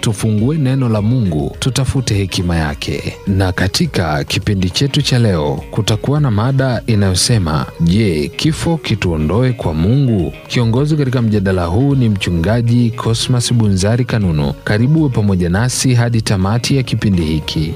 tufungue neno la Mungu, tutafute hekima yake. Na katika kipindi chetu cha leo kutakuwa na mada inayosema, je, kifo kituondoe kwa Mungu? Kiongozi katika mjadala huu ni mchungaji Cosmas Bunzari Kanunu. Karibu we pamoja nasi hadi tamati ya kipindi hiki.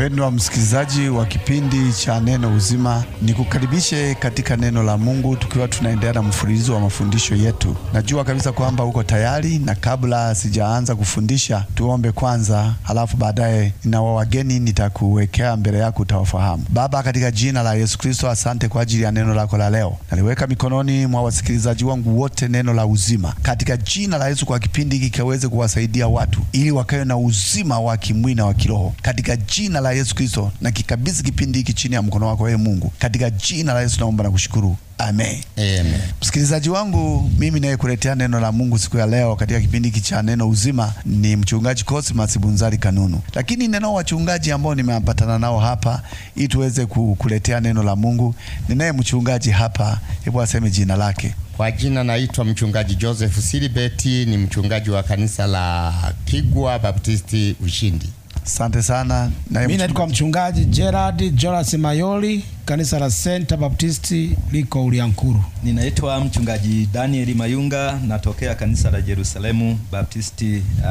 Mpendwa msikilizaji wa kipindi cha Neno Uzima, nikukaribishe katika neno la Mungu, tukiwa tunaendelea na mfululizo wa mafundisho yetu. Najua kabisa kwamba uko tayari, na kabla sijaanza kufundisha, tuombe kwanza, halafu baadaye na wageni nitakuwekea mbele yako, utawafahamu. Baba, katika jina la Yesu Kristo, asante kwa ajili ya neno lako la leo. Naliweka mikononi mwa wasikilizaji wangu wote neno la uzima, katika jina la Yesu, kwa kipindi hiki kuwasaidia watu ili wakawe na uzima wa kimwili na wa kiroho, katika jina la Yesu Kristo na kikabidhi kipindi hiki chini ya mkono wako, wewe Mungu, katika jina la Yesu naomba na kushukuru. Amen. Amen. Msikilizaji wangu, mimi nayekuletea neno la Mungu siku ya leo katika kipindi hiki cha neno uzima ni mchungaji Cosmas Bunzari Kanunu, lakini neno wachungaji ambao nimewapatana nao hapa ili tuweze kukuletea neno la Mungu, ninaye mchungaji hapa, hebu aseme jina lake. Kwa jina naitwa mchungaji Joseph Silibeti, ni mchungaji wa kanisa la Kigwa Baptisti Ushindi. Asante sana. Mimi naitwa mchungaji Gerard Jonas Mayoli, kanisa la Center Baptist liko Uliankuru. Ninaitwa mchungaji Daniel Mayunga, natokea kanisa la Jerusalemu Baptist uh,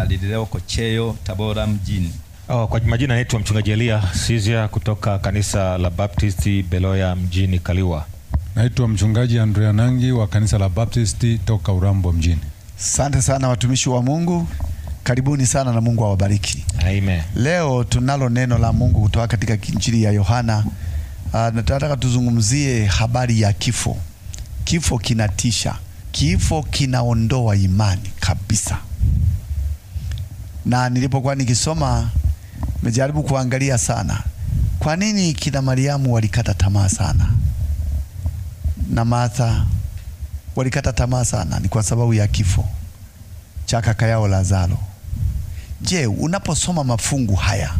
lililoko Cheyo, Tabora mjini. Oh, kwa majina naitwa mchungaji Elia Sizia kutoka kanisa la Baptist Beloya mjini Kaliwa. Naitwa mchungaji Andrea Nangi wa kanisa la Baptist toka Urambo mjini. Asante sana watumishi wa Mungu. Karibuni sana na Mungu awabariki. Amen. Leo tunalo neno la Mungu kutoka katika Injili ya Yohana Uh, ah, tunataka tuzungumzie habari ya kifo. Kifo kinatisha, kifo kinaondoa imani kabisa. Na nilipokuwa nikisoma, nimejaribu kuangalia sana, kwa nini kina Mariamu walikata tamaa sana na Martha walikata tamaa sana, ni kwa sababu ya kifo cha kaka yao Lazaro. Je, unaposoma mafungu haya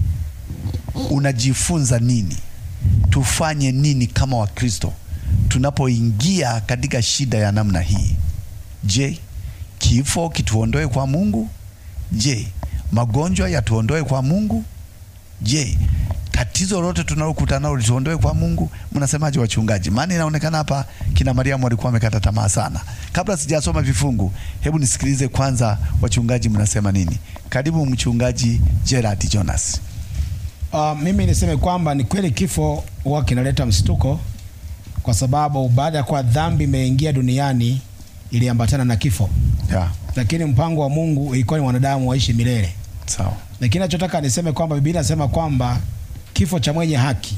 unajifunza nini? Tufanye nini kama Wakristo tunapoingia katika shida ya namna hii? Je, kifo kituondoe kwa Mungu? Je, magonjwa yatuondoe kwa Mungu? Je, tatizo lote tunalokutana nalo lituondoe kwa Mungu. Mnasemaje wachungaji? Maana inaonekana hapa kina Mariamu walikuwa wamekata tamaa sana. Kabla sijasoma vifungu, hebu nisikilize kwanza wachungaji mnasema nini. Karibu mchungaji Gerard Jonas. Uh, mimi niseme kwamba ni kweli kifo huwa kinaleta mshtuko kwa sababu baada ya kuwa dhambi imeingia duniani iliambatana na kifo yeah. Lakini mpango wa Mungu ilikuwa ni wanadamu waishi milele sawa. Lakini nachotaka niseme kwamba Biblia inasema kwamba kifo cha mwenye haki,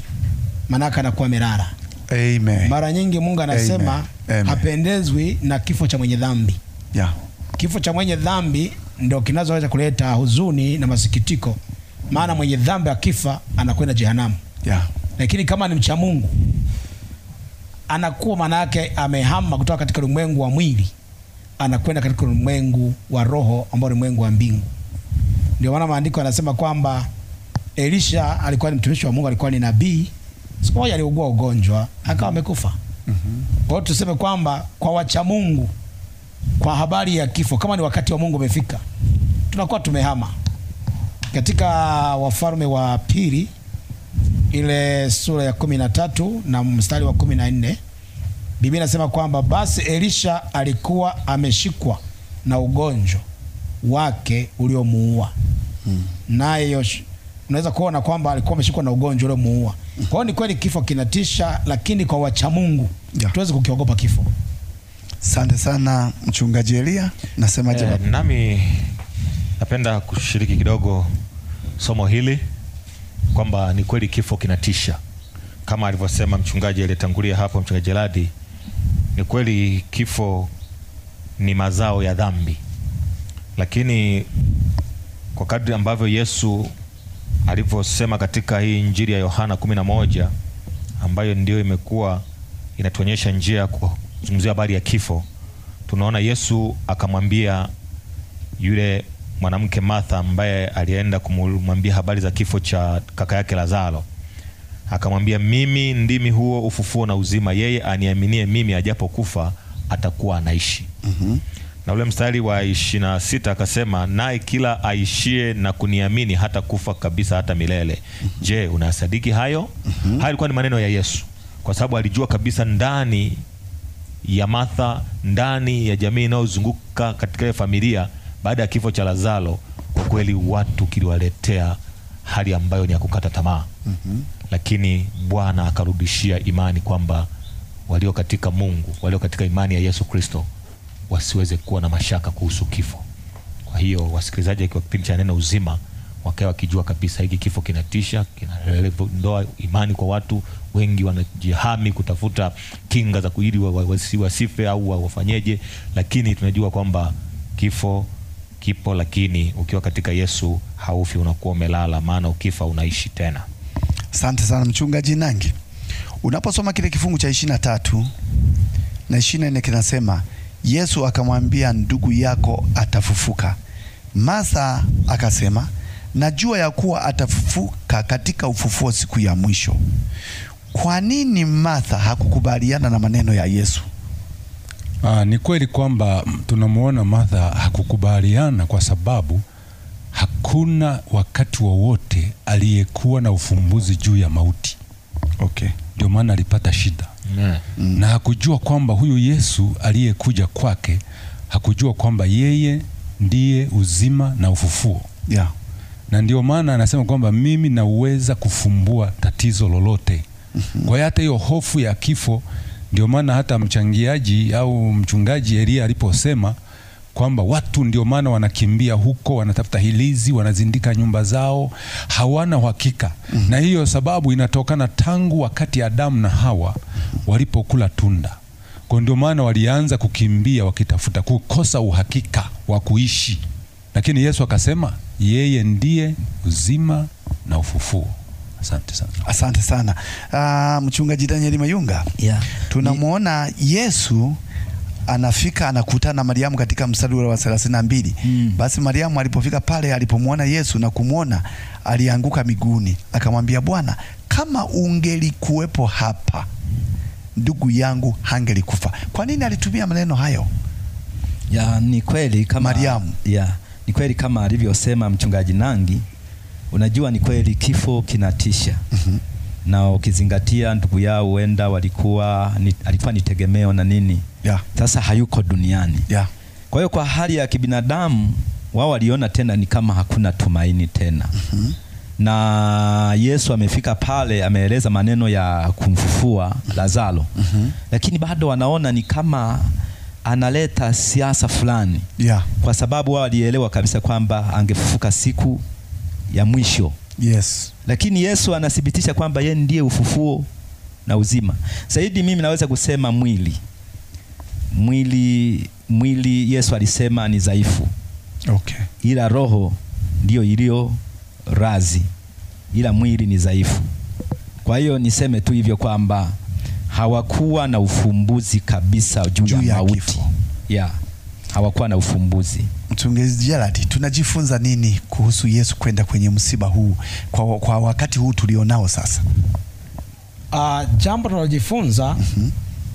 maanake anakuwa amelala. Amen. Mara nyingi Mungu anasema hapendezwi na kifo cha mwenye dhambi yeah. Kifo cha mwenye dhambi ndio kinazoweza kuleta huzuni na masikitiko, maana mwenye dhambi akifa anakwenda jehanamu yeah. Lakini kama ni mcha Mungu anakuwa maana yake amehama kutoka katika ulimwengu wa mwili anakwenda katika ulimwengu wa roho ambao ni ulimwengu wa mbingu. Ndio maana maandiko yanasema kwamba Elisha alikuwa ni mtumishi wa Mungu, alikuwa ni nabii. Siku moja aliugua ugonjwa akawa amekufa. mm -hmm. Kwa hiyo tuseme kwamba kwa wacha Mungu, kwa habari ya kifo, kama ni wakati wa Mungu umefika, tunakuwa tumehama katika Wafalme wa Pili ile sura ya kumi na tatu na mstari wa kumi na nne Biblia inasema kwamba basi Elisha alikuwa ameshikwa na ugonjwa wake uliomuua, hmm. naye unaweza kuona kwamba alikuwa ameshikwa na ugonjwa muua. Kwa hiyo ni kweli kifo kinatisha, lakini kwa wacha Mungu yeah, tuweze kukiogopa kifo. Asante sana mchungaji Elia, nasemaje? Eh, nami napenda kushiriki kidogo somo hili kwamba ni kweli kifo kinatisha, kama alivyosema mchungaji aliyetangulia hapo, mchungaji Jeradi. Ni kweli kifo ni mazao ya dhambi, lakini kwa kadri ambavyo Yesu alivyosema katika hii Injili ya Yohana 11 ambayo ndiyo imekuwa inatuonyesha njia ya kuzungumzia habari ya kifo. Tunaona Yesu akamwambia yule mwanamke Martha ambaye alienda kumwambia habari za kifo cha kaka yake Lazaro, akamwambia, mimi ndimi huo ufufuo na uzima, yeye aniaminie mimi ajapo kufa atakuwa anaishi. mm -hmm na ule mstari wa ishirini na sita akasema, naye kila aishie na kuniamini hata kufa kabisa hata milele. Je, unasadiki hayo? Mhm. Hayo ilikuwa ni maneno ya Yesu, kwa sababu alijua kabisa ndani ya Martha, ndani ya jamii inayozunguka katika ile familia, baada ya kifo cha Lazaro, kwa kweli watu kiliwaletea hali ambayo ni ya kukata tamaa. mm -hmm. Lakini Bwana akarudishia imani kwamba walio katika Mungu, walio katika imani ya Yesu Kristo wasiweze kuwa na mashaka kuhusu kifo. Kwa hiyo wasikilizaji kwa kipindi cha Neno Uzima wakae wakijua kabisa hiki kifo kinatisha, kinandoa imani kwa watu wengi, wanajihami kutafuta kinga za kuili wasife au wafanyeje, lakini tunajua kwamba kifo kipo, lakini ukiwa katika Yesu haufi, unakuwa umelala, maana ukifa unaishi tena. Asante sana mchungaji Nangi, unaposoma kile kifungu cha ishirini na tatu na ishirini na nne kinasema Yesu akamwambia, ndugu yako atafufuka. Martha akasema, najua ya kuwa atafufuka katika ufufuo siku ya mwisho. Kwa nini Martha hakukubaliana na maneno ya Yesu? Aa, ah, ni kweli kwamba tunamuona Martha hakukubaliana kwa sababu hakuna wakati wowote wa aliyekuwa na ufumbuzi juu ya mauti. Okay. Ndio maana alipata shida na hakujua kwamba huyu Yesu aliyekuja kwake, hakujua kwamba yeye ndiye uzima na ufufuo yeah. na ndio maana anasema kwamba mimi naweza kufumbua tatizo lolote mm -hmm. kwa hiyo hata hiyo hofu ya kifo, ndio maana hata mchangiaji au mchungaji Elia aliposema kwamba watu ndio maana wanakimbia huko, wanatafuta hilizi, wanazindika nyumba zao, hawana uhakika mm -hmm. na hiyo sababu inatokana tangu wakati Adamu na Hawa walipokula tunda. Kwa ndio maana walianza kukimbia wakitafuta kukosa uhakika wa kuishi, lakini Yesu akasema yeye ndiye uzima na ufufuo. Asante sana, asante sana. Uh, mchungaji danieli Mayunga, yeah. tunamwona Yesu anafika anakutana na Mariamu katika mstari wa thelathini na mbili. Mm. Basi Mariamu alipofika pale alipomwona Yesu na kumwona, alianguka miguuni akamwambia, Bwana, kama ungelikuwepo hapa ndugu yangu hangelikufa. Kwa nini alitumia maneno hayo? Ya, ni kweli kama Mariamu. Ya, ni kweli kama alivyosema mchungaji Nangi, unajua ni kweli kifo kinatisha. mm -hmm. Na ukizingatia ndugu yao huenda walikuwa ni, alikuwa ni tegemeo na nini ya. Sasa hayuko duniani ya. Kwa hiyo kwa hali ya kibinadamu wao waliona tena ni kama hakuna tumaini tena. mm -hmm na Yesu amefika pale, ameeleza maneno ya kumfufua Lazaro mm -hmm. Lakini bado wanaona ni kama analeta siasa fulani yeah. Kwa sababu wao walielewa kabisa kwamba angefufuka siku ya mwisho yes. Lakini Yesu anathibitisha kwamba yeye ndiye ufufuo na uzima. Zaidi mimi naweza kusema mwili mwili mwili, Yesu alisema ni dhaifu okay. Ila roho ndiyo iliyo razi, ila mwili ni dhaifu. Kwa hiyo niseme tu hivyo kwamba hawakuwa na ufumbuzi kabisa juu ya, mauti ya hawakuwa na ufumbuzi. Mchungaji Gerald, tunajifunza nini kuhusu Yesu kwenda kwenye msiba huu kwa, kwa wakati huu tulionao sasa? Uh, jambo tunalojifunza mm -hmm.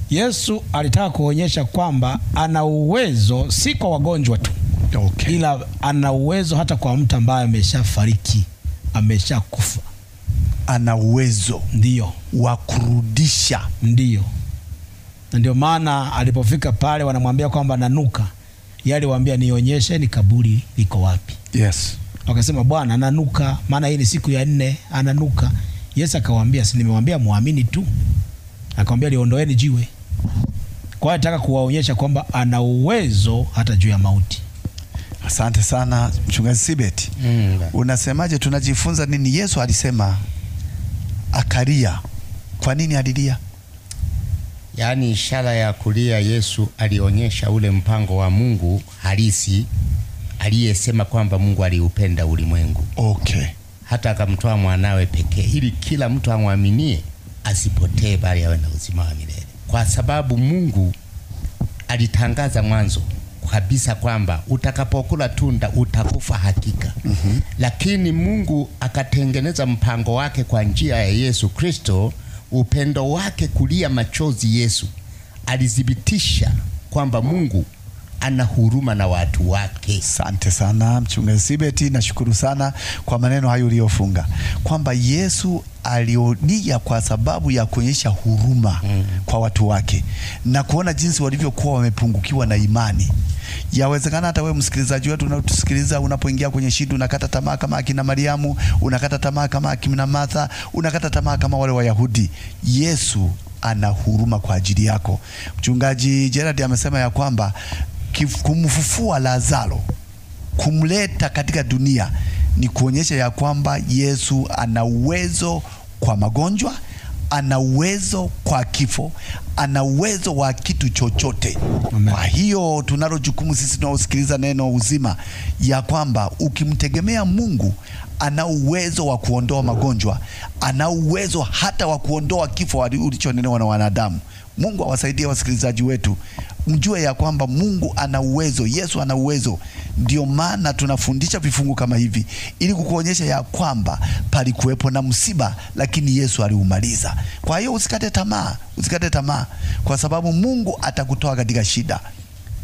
Yesu alitaka kuonyesha kwamba ana uwezo si kwa wagonjwa tu, okay. Ila ana uwezo hata kwa mtu ambaye ameshafariki ameshakufa, ana uwezo ndio wa kurudisha, ndio na ndio maana alipofika pale wanamwambia kwamba nanuka, yeye aliwaambia nionyeshe ni kaburi liko wapi? Yes, wakasema Bwana ananuka, maana hii ni siku ya nne ananuka. Yesu akawaambia, si nimewambia muamini tu? Akamwambia liondoeni jiwe. Kwa hiyo kuwaonyesha kwamba ana uwezo hata juu ya mauti. Asante sana mchungaji Sibet. Mm, unasemaje? Tunajifunza nini? Yesu alisema akalia. Kwa nini alilia? Yaani ishara ya kulia, Yesu alionyesha ule mpango wa Mungu halisi aliyesema kwamba Mungu aliupenda ulimwengu, okay, hata akamtoa mwanawe pekee ili kila mtu amwaminie asipotee, bali awe na uzima wa milele, kwa sababu Mungu alitangaza mwanzo kabisa kwamba utakapokula tunda utakufa hakika. mm -hmm. Lakini Mungu akatengeneza mpango wake kwa njia ya Yesu Kristo, upendo wake kulia machozi Yesu alithibitisha kwamba Mungu ana huruma na watu wake. Asante sana mchungaji Sibeti, nashukuru sana kwa maneno hayo uliyofunga kwamba Yesu alionia kwa sababu ya kuonyesha huruma mm. kwa watu wake na kuona jinsi walivyokuwa wamepungukiwa na imani. Yawezekana hata wewe msikilizaji wetu unatusikiliza, unapoingia kwenye shida, unakata tamaa kama akina Mariamu, unakata tamaa kama akina Martha, unakata tamaa kama wale Wayahudi. Yesu ana huruma kwa ajili yako. Mchungaji Gerard amesema ya kwamba kumfufua Lazaro, kumleta katika dunia ni kuonyesha ya kwamba Yesu ana uwezo kwa magonjwa, ana uwezo kwa kifo, ana uwezo wa kitu chochote. Amen. Kwa hiyo tunalo jukumu sisi tunaosikiliza neno uzima ya kwamba ukimtegemea Mungu ana uwezo wa kuondoa magonjwa, ana uwezo hata wa kuondoa kifo ulichonenewa na wanadamu. Mungu awasaidie wasikilizaji wetu mjue ya kwamba Mungu ana uwezo, Yesu ana uwezo. Ndio maana tunafundisha vifungu kama hivi ili kukuonyesha ya kwamba palikuwepo na msiba, lakini Yesu aliumaliza. Kwa hiyo usikate tamaa, usikate tamaa, kwa sababu Mungu atakutoa katika shida.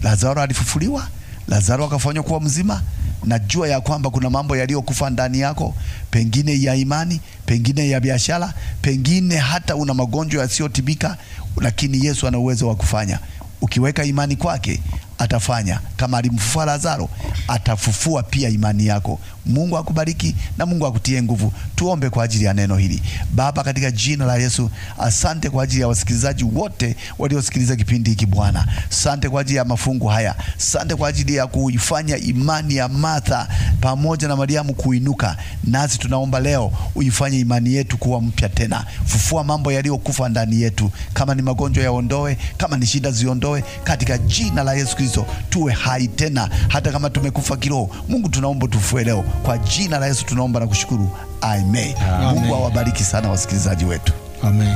Lazaro alifufuliwa, Lazaro akafanywa kuwa mzima. Najua ya kwamba kuna mambo yaliyokufa ndani yako, pengine ya imani, pengine ya biashara, pengine hata una magonjwa yasiyotibika, lakini Yesu ana uwezo wa kufanya ukiweka imani kwake atafanya. Kama alimfufua Lazaro, atafufua pia imani yako. Mungu akubariki na Mungu akutie nguvu. Tuombe kwa ajili ya neno hili. Baba, katika jina la Yesu, asante kwa ajili ya wasikilizaji wote waliosikiliza kipindi hiki Bwana. Asante kwa ajili ya mafungu haya, asante kwa ajili ya kuifanya imani ya Martha pamoja na Mariamu kuinuka. Nasi tunaomba leo uifanye imani yetu kuwa mpya tena. Fufua mambo yaliyokufa ndani yetu, kama ni magonjwa yaondoe, kama ni shida ziondoe, katika jina la Yesu Kristo. Kristo tuwe hai tena, hata kama tumekufa kiroho. Mungu tunaomba tufue leo kwa jina la Yesu, tunaomba na kushukuru Amen. Amen. Mungu awabariki sana wasikilizaji wetu Amen.